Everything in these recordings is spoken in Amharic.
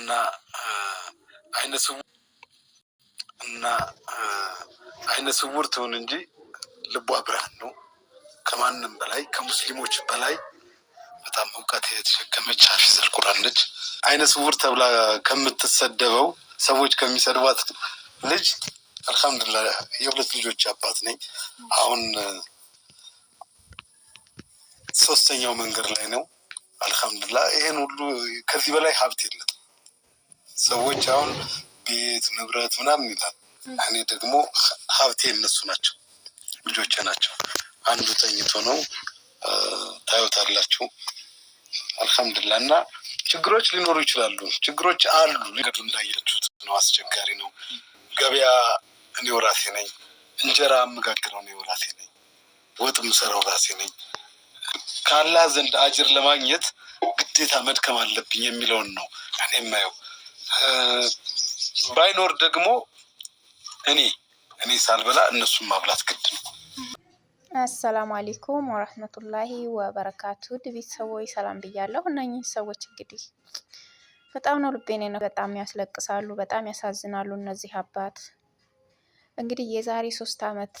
እና አይነ ስውር እና አይነ ስውር ትሁን እንጂ ልቧ ብርሃን ነው። ከማንም በላይ ከሙስሊሞች በላይ በጣም እውቀት የተሸከመች ሀፊዘል ቁርአን ነች። አይነ ስውር ተብላ ከምትሰደበው ሰዎች ከሚሰድቧት ልጅ አልሐምዱላ የሁለት ልጆች አባት ነኝ። አሁን ሶስተኛው መንገድ ላይ ነው። አልሐምዱላ ይህን ሁሉ ከዚህ በላይ ሀብት የለም። ሰዎች አሁን ቤት ንብረት ምናምን ይላል። እኔ ደግሞ ሀብቴ እነሱ ናቸው፣ ልጆቼ ናቸው። አንዱ ተኝቶ ነው ታዩታላችሁ። አልሐምዱላ እና ችግሮች ሊኖሩ ይችላሉ። ችግሮች አሉ። ገዱ እንዳያችሁት ነው፣ አስቸጋሪ ነው። ገበያ እኔው ራሴ ነኝ። እንጀራ የምጋግረው እኔው ራሴ ነኝ። ወጥ የምሰራው ራሴ ነኝ። ከአላህ ዘንድ አጅር ለማግኘት ግዴታ መድከም አለብኝ የሚለውን ነው እኔ የማየው። ባይኖር ደግሞ እኔ እኔ ሳልበላ እነሱን ማብላት ግድ ነው። አሰላሙ አሌይኩም ወረህመቱላሂ ወበረካቱ ቤተሰቦች ሰላም ብያለሁ። እነኚህ ሰዎች እንግዲህ በጣም ነው ልቤን ነው። በጣም ያስለቅሳሉ፣ በጣም ያሳዝናሉ እነዚህ አባት እንግዲህ የዛሬ ሶስት አመት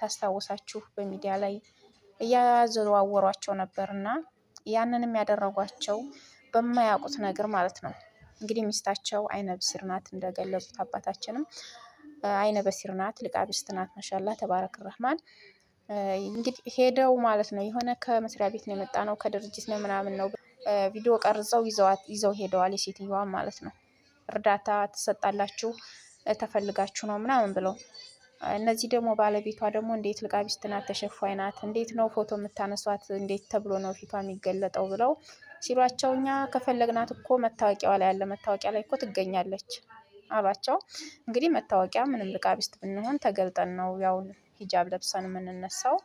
ታስታውሳችሁ በሚዲያ ላይ እያዘዋወሯቸው ነበር እና ያንንም ያደረጓቸው በማያውቁት ነገር ማለት ነው። እንግዲህ ሚስታቸው አይነ ብሲር ናት እንደገለጹት አባታችንም አይነ በሲር ናት፣ ልቃቢስት ናት። ማሻላ ተባረክ ረህማን። እንግዲህ ሄደው ማለት ነው የሆነ ከመስሪያ ቤት ነው የመጣ ነው ከድርጅት ነው ምናምን ነው ቪዲዮ ቀርጸው ይዘው ሄደዋል። የሴትዮዋ ማለት ነው እርዳታ ትሰጣላችሁ ተፈልጋችሁ ነው ምናምን ብለው እነዚህ ደግሞ ባለቤቷ ደግሞ እንዴት ልቃቢስት ናት፣ ተሸፋይ ናት፣ እንዴት ነው ፎቶ የምታነሷት፣ እንዴት ተብሎ ነው ፊቷ የሚገለጠው ብለው ሲሏቸው እኛ ከፈለግናት እኮ መታወቂያዋ ላይ ያለ መታወቂያ ላይ እኮ ትገኛለች አሏቸው። እንግዲህ መታወቂያ ምንም ልቃቢስት ብንሆን ተገልጠን ነው ያው ሂጃብ ለብሰን የምንነሳው።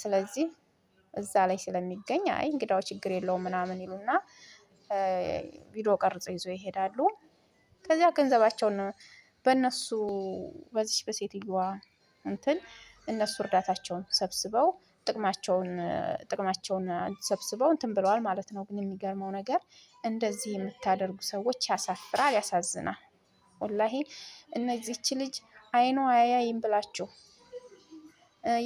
ስለዚህ እዛ ላይ ስለሚገኝ አይ እንግዳው ችግር የለውም ምናምን ይሉና ቪዲዮ ቀርጾ ይዞ ይሄዳሉ። ከዚያ ገንዘባቸውን በእነሱ በዚች በሴትዮዋ እንትን እነሱ እርዳታቸውን ሰብስበው ጥቅማቸውን ጥቅማቸውን ሰብስበው እንትን ብለዋል ማለት ነው። ግን የሚገርመው ነገር እንደዚህ የምታደርጉ ሰዎች ያሳፍራል፣ ያሳዝናል። ወላሂ እነዚህች ልጅ አይኖ አያይም ብላችሁ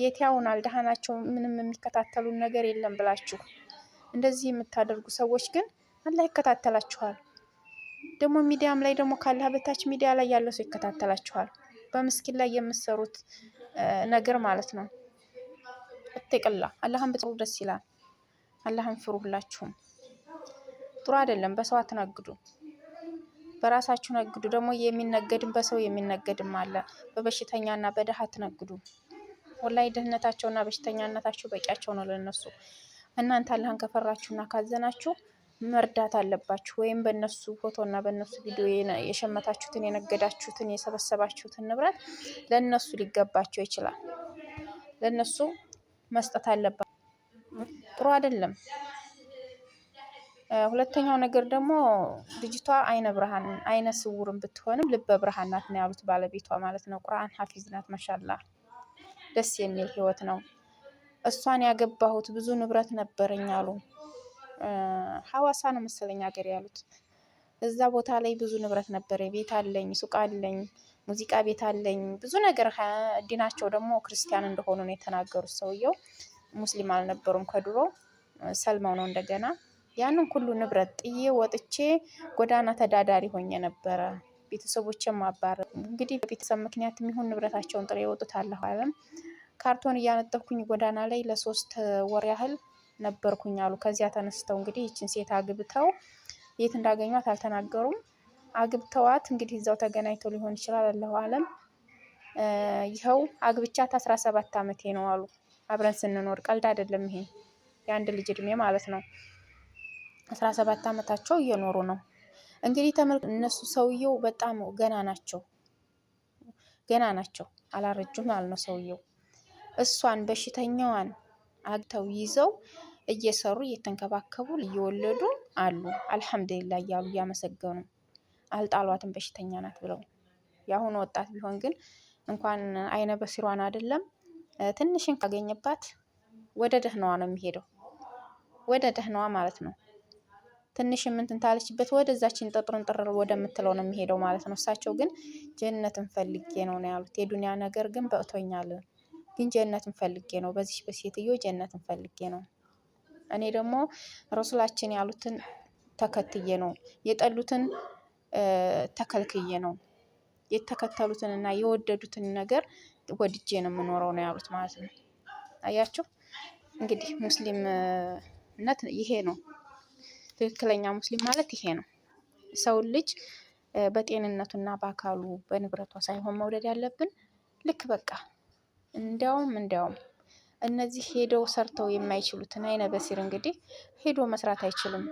የት ያውናል ደሃ ናቸው ምንም የሚከታተሉን ነገር የለም ብላችሁ እንደዚህ የምታደርጉ ሰዎች ግን አላህ ይከታተላችኋል። ደግሞ ሚዲያም ላይ ደግሞ ካለ በታች ሚዲያ ላይ ያለ ሰው ይከታተላችኋል። በምስኪን ላይ የምትሰሩት ነገር ማለት ነው። ተቀላ አላህን ብትፈሩ ደስ ይላል። አላህን ፍሩ ሁላችሁም። ጥሩ አይደለም። በሰው አትነግዱ፣ በራሳችሁ ነግዱ። ደግሞ የሚነገድም በሰው የሚነገድም አለ። በበሽተኛና በደሃ አትነግዱ። ወላይ ድህነታቸውና በሽተኛነታቸው በቂያቸው ነው ለነሱ። እናንተ አላህን ከፈራችሁና ካዘናችሁ መርዳት አለባችሁ። ወይም በነሱ ፎቶና በነሱ ቪዲዮ የሸመታችሁትን የነገዳችሁትን የሰበሰባችሁትን ንብረት ለነሱ ሊገባቸው ይችላል ለነሱ መስጠት አለባት። ጥሩ አይደለም። ሁለተኛው ነገር ደግሞ ልጅቷ አይነ ብርሃን አይነ ስውርም ብትሆንም ልበ ብርሃን ናት ነው ያሉት ባለቤቷ ማለት ነው። ቁርአን ሀፊዝ ናት። ማሻላ ደስ የሚል ህይወት ነው። እሷን ያገባሁት ብዙ ንብረት ነበረኝ አሉ። ሀዋሳ ነው መሰለኝ ሀገር ያሉት። እዛ ቦታ ላይ ብዙ ንብረት ነበረ። ቤት አለኝ፣ ሱቅ አለኝ ሙዚቃ ቤት አለኝ ብዙ ነገር ዲናቸው ደግሞ ክርስቲያን እንደሆኑ ነው የተናገሩት። ሰውየው ሙስሊም አልነበሩም ከድሮ ሰልመው ነው እንደገና። ያንን ሁሉ ንብረት ጥዬ ወጥቼ ጎዳና ተዳዳሪ ሆኜ ነበረ። ቤተሰቦችን ማባረር እንግዲህ በቤተሰብ ምክንያት የሚሆን ንብረታቸውን ጥሬ ወጡት አለ አለም ካርቶን እያነጠብኩኝ ጎዳና ላይ ለሶስት ወር ያህል ነበርኩኝ አሉ። ከዚያ ተነስተው እንግዲህ ይችን ሴት አግብተው የት እንዳገኟት አልተናገሩም። አግብተዋት እንግዲህ እዛው ተገናኝቶ ሊሆን ይችላል አለሁ አለም። ይኸው አግብቻት አስራ ሰባት ዓመቴ ነው አሉ። አብረን ስንኖር ቀልድ አይደለም ይሄ የአንድ ልጅ እድሜ ማለት ነው። አስራ ሰባት ዓመታቸው እየኖሩ ነው እንግዲህ ተመልክ እነሱ ሰውየው በጣም ገና ናቸው ገና ናቸው አላረጁም ማለት ነው ሰውየው። እሷን በሽተኛዋን አግተው ይዘው እየሰሩ እየተንከባከቡ እየወለዱ አሉ። አልሐምዱሊላ እያሉ እያመሰገኑ አልጣሏትም በሽተኛ ናት ብለው። የአሁኑ ወጣት ቢሆን ግን እንኳን አይነ በሲሯን አይደለም ትንሽን ካገኘባት ወደ ደህናዋ ነው የሚሄደው፣ ወደ ደህናዋ ማለት ነው። ትንሽ ምንትን ታለችበት ወደዛችን ጥጥርን ጥርር ወደምትለው ነው የሚሄደው ማለት ነው። እሳቸው ግን ጀነትን ፈልጌ ነው ነው ያሉት። የዱንያ ነገር ግን በእቶኛል፣ ግን ጀነትን ፈልጌ ነው፣ በዚህ በሴትዮ ጀነትን ፈልጌ ነው። እኔ ደግሞ ረሱላችን ያሉትን ተከትዬ ነው የጠሉትን ተከልክዬ ነው የተከተሉትንና የወደዱትን ነገር ወድጄ ነው የምኖረው ነው ያሉት ማለት ነው። አያችሁ እንግዲህ ሙስሊምነት ይሄ ነው። ትክክለኛ ሙስሊም ማለት ይሄ ነው። ሰውን ልጅ በጤንነቱና በአካሉ በንብረቷ ሳይሆን መውደድ ያለብን ልክ በቃ እንዲያውም እንዲያውም እነዚህ ሄደው ሰርተው የማይችሉትን አይነ በሲር እንግዲህ ሄዶ መስራት አይችልም።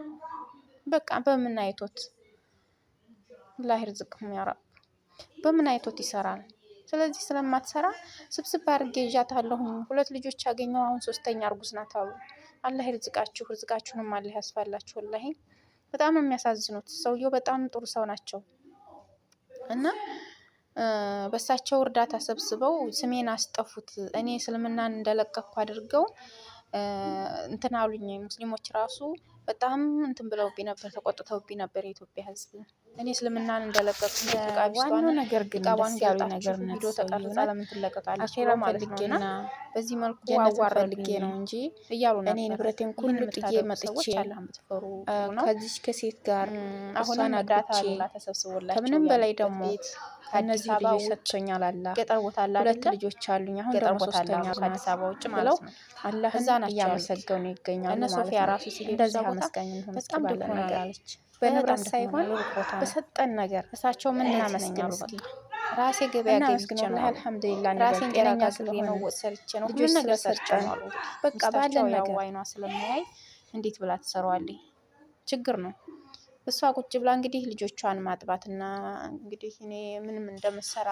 በቃ በምን ላሂር ዝቅም ያረብ በምን አይቶት ይሰራል? ስለዚህ ስለማትሰራ ስብስብ አድርጌ ይዣታለሁኝ። ሁለት ልጆች ያገኘው አሁን ሶስተኛ እርጉዝ ናት አሉ። አላህ ይርዝቃችሁ፣ ርዝቃችሁንም አላህ ያስፋላችሁ። ወላሂ በጣም የሚያሳዝኑት ሰውየው በጣም ጥሩ ሰው ናቸው እና በእሳቸው እርዳታ ሰብስበው ስሜን አስጠፉት። እኔ እስልምናን እንደለቀኩ አድርገው እንትን አሉኝ። ሙስሊሞች ራሱ በጣም እንትን ብለውብኝ ነበር፣ ተቆጥተውብኝ ነበር የኢትዮጵያ ሕዝብ እኔ እስልምናን እንደለቀቅ ዋናው ነገር ግን ያሉ ነገር ነው። ቪዲዮ ተቀርጻ ለምን ትለቀቃለች? አኼራ ፈልጌና በዚህ መልኩ አዋር ፈልጌ ነው እንጂ እያሉ ነው። እኔ ንብረቴን ሁሉ ጥዬ መጥቼ ከዚች ከሴት ጋር አሁን አዳታ ተሰብስቦላቸው ከምንም በላይ ደግሞ ከአዲስ አበባ ሰጥቶኛል። አላህ ገጠር ቦታ አለ ሁለት ልጆች አሉኝ። አሁን ገጠር ቦታ አለ ከአዲስ አበባ ውጭ ብለው አላህ እዛ ናቸው እያመሰገው ነው እነ ሶፊያ ራሱ ሲሄድ እንደዛ ቦታ በጣም ድኮ ነገራለች። በንብረት ሳይሆን በሰጠን ነገር እሳቸው ምን እናመስግን እስኪ ራሴ ገበያ ገዝቻለሁ። አልሐምዱሊላህ ራሴን ጤነኛ ስለሆነ ነው ሰርቼ ነው ሁሉን ነገር ሰርቼ ነው። በቃ ባለን ነገር አይኗ ስለማያይ እንዴት ብላ ትሰራዋለች? ችግር ነው። እሷ ቁጭ ብላ እንግዲህ ልጆቿን ማጥባትና እንግዲህ እኔ ምንም እንደምሰራ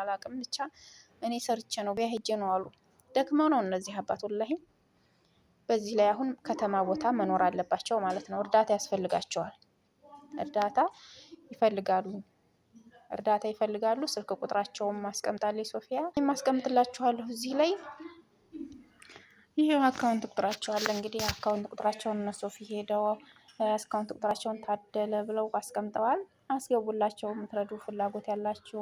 አላቅም። ብቻ እኔ ሰርቼ ነው ቢያሄጀ ነው አሉ። ደክመው ነው እነዚህ አባት ወላሂ። በዚህ ላይ አሁን ከተማ ቦታ መኖር አለባቸው ማለት ነው። እርዳታ ያስፈልጋቸዋል። እርዳታ ይፈልጋሉ እርዳታ ይፈልጋሉ። ስልክ ቁጥራቸውን ማስቀምጣለች ሶፊያ ማስቀምጥላችኋለሁ እዚህ ላይ ይሄው አካውንት ቁጥራቸው አለ። እንግዲህ አካውንት ቁጥራቸውን እነ ሶፊ ሄደው የአካውንት ቁጥራቸውን ታደለ ብለው አስቀምጠዋል። አስገቡላቸው የምትረዱ ፍላጎት ያላችሁ።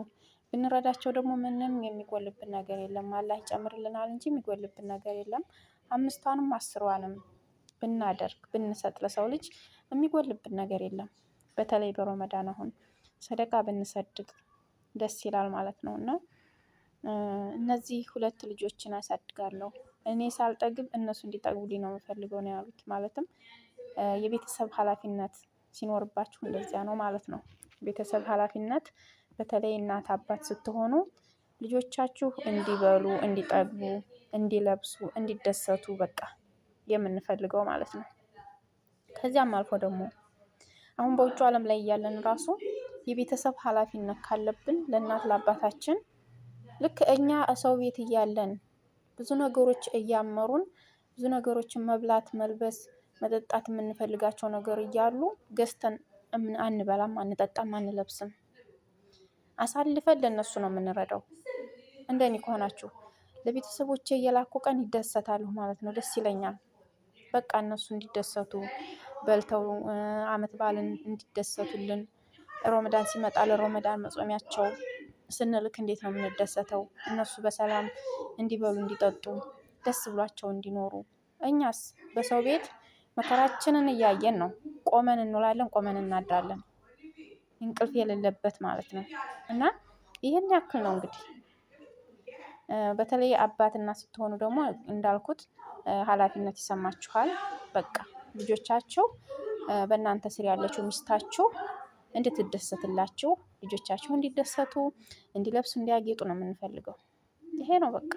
ብንረዳቸው ደግሞ ምንም የሚጎልብን ነገር የለም። አላህ ይጨምርልናል እንጂ የሚጎልብን ነገር የለም። አምስቷንም አስሯንም ብናደርግ ብንሰጥ ለሰው ልጅ የሚጎልብን ነገር የለም። በተለይ በረመዳን አሁን ሰደቃ ብንሰድቅ ደስ ይላል ማለት ነው እና እነዚህ ሁለት ልጆችን አሳድጋለሁ እኔ ሳልጠግብ እነሱ እንዲጠግቡልኝ ነው የምፈልገው ነው ያሉት። ማለትም የቤተሰብ ኃላፊነት ሲኖርባችሁ እንደዚያ ነው ማለት ነው። ቤተሰብ ኃላፊነት በተለይ እናት አባት ስትሆኑ ልጆቻችሁ እንዲበሉ እንዲጠግቡ እንዲለብሱ እንዲደሰቱ በቃ የምንፈልገው ማለት ነው። ከዚያም አልፎ ደግሞ አሁን በውጭ አለም ላይ እያለን ራሱ የቤተሰብ ኃላፊነት ካለብን ለእናት ለአባታችን ልክ እኛ ሰው ቤት እያለን ብዙ ነገሮች እያመሩን ብዙ ነገሮችን መብላት መልበስ መጠጣት የምንፈልጋቸው ነገር እያሉ ገዝተን አንበላም፣ አንጠጣም፣ አንለብስም። አሳልፈን ለእነሱ ነው የምንረዳው። እንደኔ ከሆናችሁ ለቤተሰቦቼ እየላኩ ቀን ይደሰታሉ ማለት ነው። ደስ ይለኛል። በቃ እነሱ እንዲደሰቱ በልተው አመት በዓልን እንዲደሰቱልን ሮመዳን ሲመጣ ለሮመዳን መጾሚያቸው ስንልክ እንዴት ነው የምንደሰተው? እነሱ በሰላም እንዲበሉ እንዲጠጡ ደስ ብሏቸው እንዲኖሩ እኛስ በሰው ቤት መከራችንን እያየን ነው። ቆመን እንውላለን፣ ቆመን እናድራለን። እንቅልፍ የሌለበት ማለት ነው። እና ይህን ያክል ነው እንግዲህ በተለይ አባትና ስትሆኑ ደግሞ እንዳልኩት ኃላፊነት ይሰማችኋል። በቃ ልጆቻችሁ በእናንተ ስር ያለችው ሚስታችሁ እንድትደሰትላችሁ ልጆቻችሁ እንዲደሰቱ እንዲለብሱ እንዲያጌጡ ነው የምንፈልገው። ይሄ ነው በቃ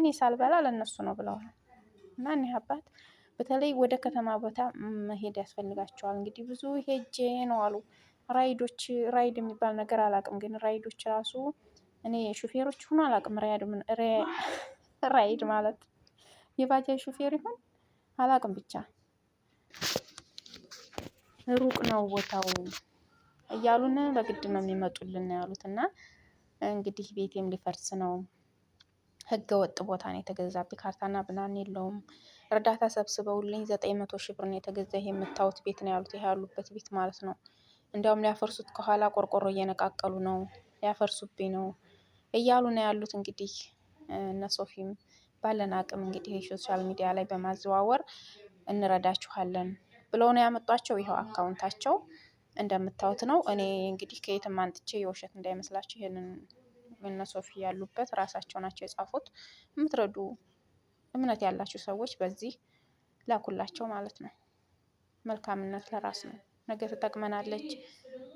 እኔ ሳልበላ ለእነሱ ነው ብለዋል እና እኒህ አባት በተለይ ወደ ከተማ ቦታ መሄድ ያስፈልጋቸዋል። እንግዲህ ብዙ ሄጄ ነው አሉ ራይዶች ራይድ የሚባል ነገር አላውቅም። ግን ራይዶች ራሱ እኔ ሹፌሮች ሁኑ አላውቅም። ራይድ ማለት የባጃጅ ሹፌር ይሆን አላውቅም። ብቻ ሩቅ ነው ቦታው እያሉን በግድ ነው የሚመጡልን ያሉት እና እንግዲህ ቤቴም ሊፈርስ ነው። ህገ ወጥ ቦታ ነው የተገዛብኝ። ካርታና ብናን የለውም። እርዳታ ሰብስበውልኝ ዘጠኝ መቶ ሺህ ብር ነው የተገዛ። ይሄ የምታዩት ቤት ነው ያሉት። ይሄ ያሉበት ቤት ማለት ነው። እንዲያውም ሊያፈርሱት ከኋላ ቆርቆሮ እየነቃቀሉ ነው፣ ሊያፈርሱብኝ ነው እያሉ ነው ያሉት። እንግዲህ እነ ሶፊም ባለን አቅም እንግዲህ የሶሻል ሚዲያ ላይ በማዘዋወር እንረዳችኋለን ብለው ነው ያመጧቸው። ይኸው አካውንታቸው እንደምታዩት ነው። እኔ እንግዲህ ከየትም አንጥቼ የውሸት እንዳይመስላችሁ ይህንን እነ ሶፊ ያሉበት ራሳቸው ናቸው የጻፉት። የምትረዱ እምነት ያላችሁ ሰዎች በዚህ ላኩላቸው ማለት ነው። መልካምነት ለራስ ነው። ነገ ትጠቅመናለች።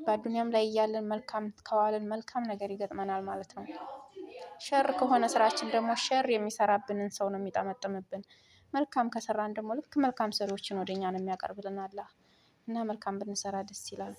በአዱኒያም ላይ እያለን መልካም ከዋልን መልካም ነገር ይገጥመናል ማለት ነው። ሸር ከሆነ ስራችን ደግሞ ሸር የሚሰራብንን ሰው ነው የሚጠመጥምብን። መልካም ከሰራን ደግሞ ልክ መልካም ሰሪዎችን ወደኛ ነው የሚያቀርብልን አላህ እና መልካም ብንሰራ ደስ ይላል።